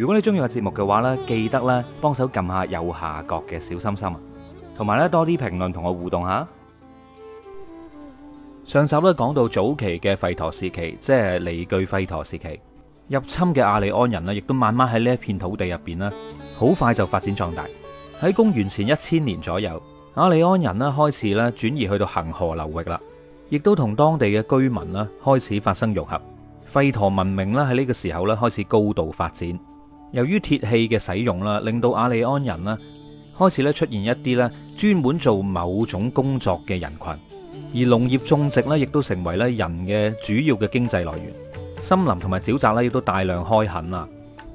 如果你中意個節目嘅話呢記得咧幫手撳下右下角嘅小心心，同埋多啲評論同我互動下。上集咧講到早期嘅吠陀時期，即係梨俱吠陀時期入侵嘅阿里安人呢，亦都慢慢喺呢一片土地入邊呢好快就發展壯大。喺公元前一千年左右，阿里安人呢開始咧轉移去到恒河流域啦，亦都同當地嘅居民呢開始發生融合。吠陀文明呢，喺呢個時候呢開始高度發展。由於鐵器嘅使用啦，令到阿利安人咧開始咧出現一啲咧專門做某種工作嘅人群，而農業種植咧亦都成為咧人嘅主要嘅經濟來源。森林同埋沼澤咧亦都大量開墾啦！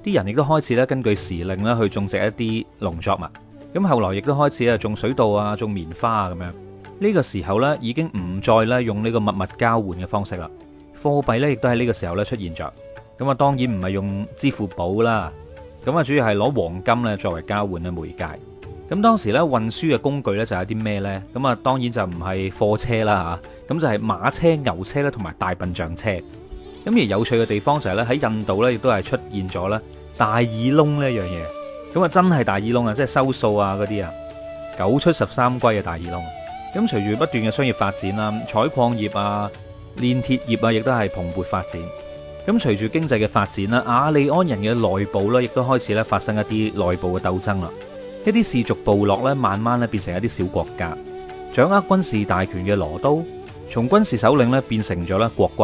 啲人亦都開始咧根據時令咧去種植一啲農作物。咁後來亦都開始啊種水稻啊、種棉花啊咁樣。呢個時候咧已經唔再咧用呢個物物交換嘅方式啦。貨幣咧亦都喺呢個時候咧出現咗。咁啊當然唔係用支付寶啦。咁啊，主要係攞黃金咧作為交換嘅媒介。咁當時咧運輸嘅工具咧就有啲咩呢？咁啊，當然就唔係貨車啦嚇，咁就係馬車、牛車咧，同埋大笨象車。咁而有趣嘅地方就係咧，喺印度咧亦都係出現咗咧大耳窿呢一樣嘢。咁啊，真係大耳窿啊，即係收數啊嗰啲啊，九出十三歸嘅大耳窿。咁隨住不斷嘅商業發展啦，採礦業啊、煉鐵業啊，亦都係蓬勃發展。咁隨住經濟嘅發展啦，雅利安人嘅內部咧，亦都開始咧發生一啲內部嘅鬥爭啦。一啲氏族部落咧，慢慢咧變成一啲小國家，掌握軍事大權嘅羅都，從軍事首領咧變成咗咧國君。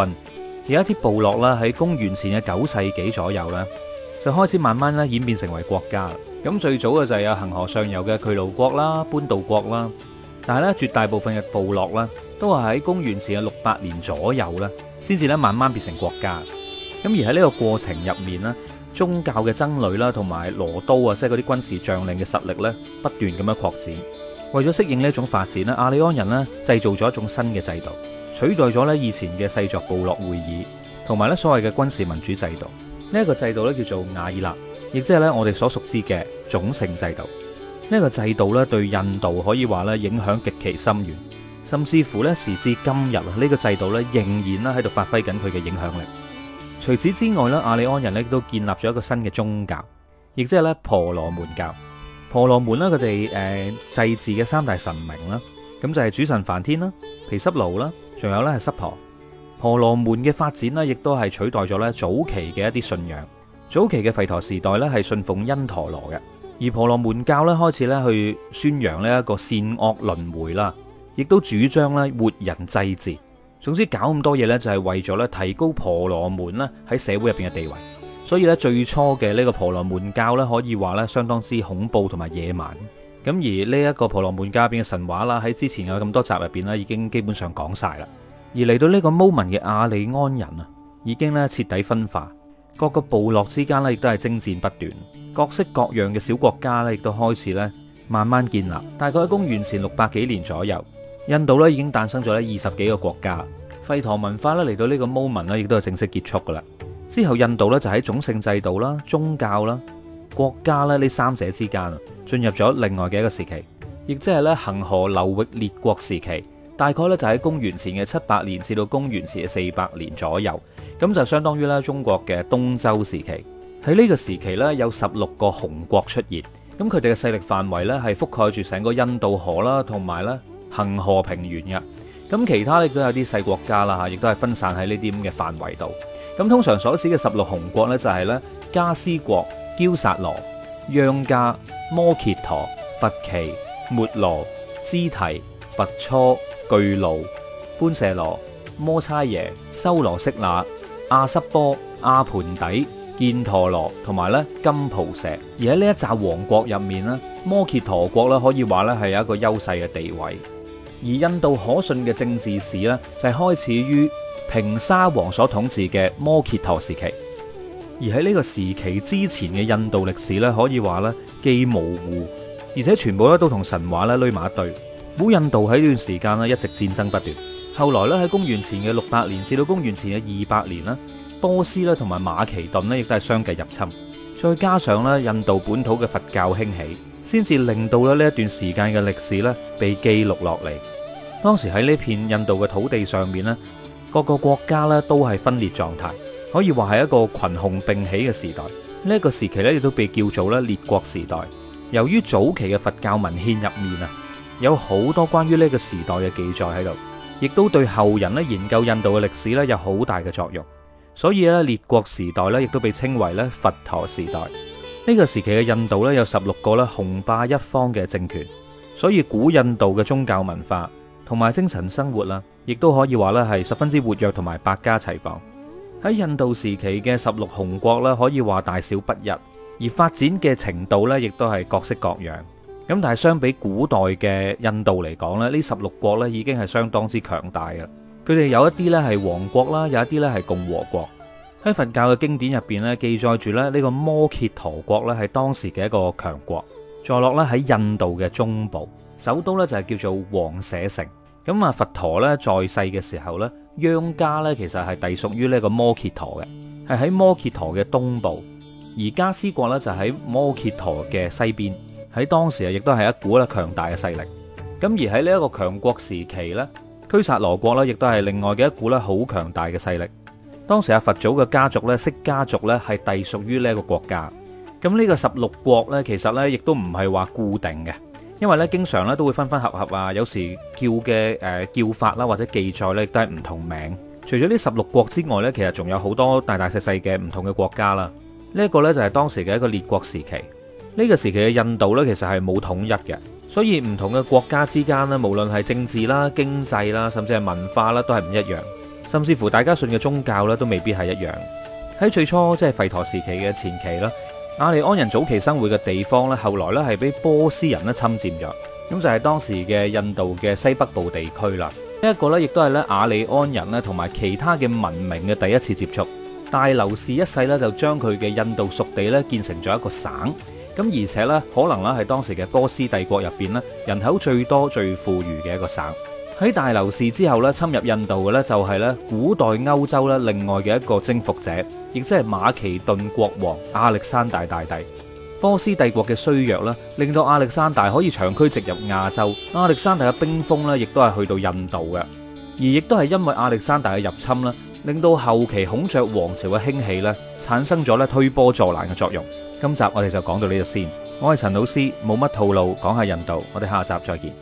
而一啲部落咧喺公元前嘅九世紀左右咧，就開始慢慢咧演變成為國家。咁最早嘅就係有恆河上游嘅鉅魯國啦、班杜國啦，但係咧絕大部分嘅部落咧都係喺公元前嘅六百年左右咧，先至咧慢慢變成國家。咁而喺呢個過程入面呢，宗教嘅僧侶啦，同埋羅都啊，即係嗰啲軍事將領嘅實力呢，不斷咁樣擴展。為咗適應呢一種發展咧，阿里安人呢製造咗一種新嘅制度，取代咗呢以前嘅世作部落會議，同埋呢所謂嘅軍事民主制度。呢、這、一個制度呢叫做瓦爾納，亦即係呢我哋所熟知嘅種姓制度。呢、這個個制度呢對印度可以話呢影響極其深遠，甚至乎呢時至今日啊，呢、這個制度呢仍然呢喺度發揮緊佢嘅影響力。除此之外咧，亞利安人咧亦都建立咗一個新嘅宗教，亦即係咧婆羅門教。婆羅門咧，佢哋誒祭祀嘅三大神明啦，咁就係、是、主神梵天啦、毗濕奴啦，仲有咧係濕婆。婆羅門嘅發展咧，亦都係取代咗咧早期嘅一啲信仰。早期嘅吠陀時代咧，係信奉因陀羅嘅，而婆羅門教咧開始咧去宣揚呢一個善惡輪迴啦，亦都主張咧活人祭祀。總之搞咁多嘢呢，就係為咗咧提高婆羅門咧喺社會入邊嘅地位。所以咧最初嘅呢個婆羅門教咧，可以話咧相當之恐怖同埋野蠻。咁而呢一個婆羅門教入邊嘅神話啦，喺之前有咁多集入邊咧，已經基本上講晒啦。而嚟到呢個 moment 嘅亞利安人啊，已經咧徹底分化，各個部落之間咧亦都係征戰不斷，各式各樣嘅小國家呢，亦都開始咧慢慢建立。大概喺公元前六百幾年左右。印度咧已經誕生咗咧二十幾個國家，吠陀文化咧嚟到呢個 moment 咧，亦都係正式結束噶啦。之後印度咧就喺種姓制度啦、宗教啦、國家咧呢三者之間，進入咗另外嘅一個時期，亦即係咧恆河流域列國時期。大概咧就喺公元前嘅七百年至到公元前嘅四百年左右，咁就相當於咧中國嘅東周時期。喺呢個時期咧，有十六個雄國出現，咁佢哋嘅勢力範圍咧係覆蓋住成個印度河啦，同埋咧，恆河平原嘅咁，其他亦都有啲細國家啦嚇，亦都係分散喺呢啲咁嘅範圍度。咁通常所指嘅十六雄國呢，就係呢：加斯國、憍薩羅、央加、摩羯陀、拔奇、末羅、支提、拔初、巨路、般舍羅、摩差耶、修羅色那、阿濕波、阿盤底、犍陀羅同埋咧金普石。而喺呢一集王國入面呢，摩羯陀國咧可以話咧係有一個優勢嘅地位。而印度可信嘅政治史呢，就係、是、開始於平沙王所統治嘅摩羯陀時期。而喺呢個時期之前嘅印度歷史呢，可以話呢，既模糊，而且全部呢都同神話呢，攆埋一堆。古印度喺呢段時間呢，一直戰爭不斷。後來呢，喺公元前嘅六百年至到公元前嘅二百年呢，波斯呢同埋馬其頓呢，亦都係相繼入侵。再加上呢，印度本土嘅佛教興起。先至令到咧呢一段時間嘅歷史咧被記錄落嚟。當時喺呢片印度嘅土地上面咧，各個國家咧都係分裂狀態，可以話係一個群雄並起嘅時代。呢一個時期咧亦都被叫做咧列國時代。由於早期嘅佛教文獻入面啊，有好多關於呢個時代嘅記載喺度，亦都對後人咧研究印度嘅歷史咧有好大嘅作用。所以咧列國時代咧亦都被稱為咧佛陀時代。呢個時期嘅印度咧有十六個咧雄霸一方嘅政權，所以古印度嘅宗教文化同埋精神生活啦，亦都可以話咧係十分之活躍同埋百家齊放。喺印度時期嘅十六雄國咧，可以話大小不一，而發展嘅程度咧亦都係各色各樣。咁但係相比古代嘅印度嚟講咧，呢十六國咧已經係相當之強大嘅，佢哋有一啲咧係王國啦，有一啲咧係共和國。喺佛教嘅經典入邊咧，記載住咧呢個摩羯陀國咧係當時嘅一個強國，坐落咧喺印度嘅中部，首都咧就係叫做王舍城。咁啊，佛陀咧在世嘅時候咧，央家咧其實係隸屬於呢個摩羯陀嘅，係喺摩羯陀嘅東部，而加斯國咧就喺摩羯陀嘅西邊，喺當時啊亦都係一股咧強大嘅勢力。咁而喺呢一個強國時期咧，拘薩羅國咧亦都係另外嘅一股咧好強大嘅勢力。當時阿佛祖嘅家族咧，釋家族咧係隸屬於呢一個國家。咁呢個十六國呢，其實呢，亦都唔係話固定嘅，因為呢，經常呢，都會分分合合啊，有時叫嘅誒叫法啦，或者記載咧都係唔同名。除咗呢十六國之外呢，其實仲有好多大大細細嘅唔同嘅國家啦。呢一個咧就係當時嘅一個列國時期。呢個時期嘅印度呢，其實係冇統一嘅，所以唔同嘅國家之間呢，無論係政治啦、經濟啦，甚至係文化啦，都係唔一樣，甚至乎大家信嘅宗教咧，都未必係一樣。喺最初即係吠陀時期嘅前期啦，亞利安人早期生活嘅地方咧，後來咧係俾波斯人咧侵佔咗，咁就係當時嘅印度嘅西北部地區啦。呢一個咧，亦都係咧亞利安人咧同埋其他嘅文明嘅第一次接觸。大流士一世咧就將佢嘅印度屬地咧建成咗一個省，咁而且咧可能咧係當時嘅波斯帝國入邊咧人口最多、最富裕嘅一個省。喺大流士之後咧侵入印度嘅咧就係咧古代歐洲另外嘅一個征服者，亦即係馬其頓國王亞歷山大大帝。波斯帝國嘅衰弱咧令到亞歷山大可以長驅直入亞洲。亞歷山大的冰封兵鋒咧，亦都係去到印度嘅。而亦都係因為亞歷山大嘅入侵咧令到後期孔雀王朝嘅興起咧，產生咗咧推波助瀾嘅作用。今集我哋就講到呢度先。我係陳老師，冇乜套路，講下印度。我哋下集再見。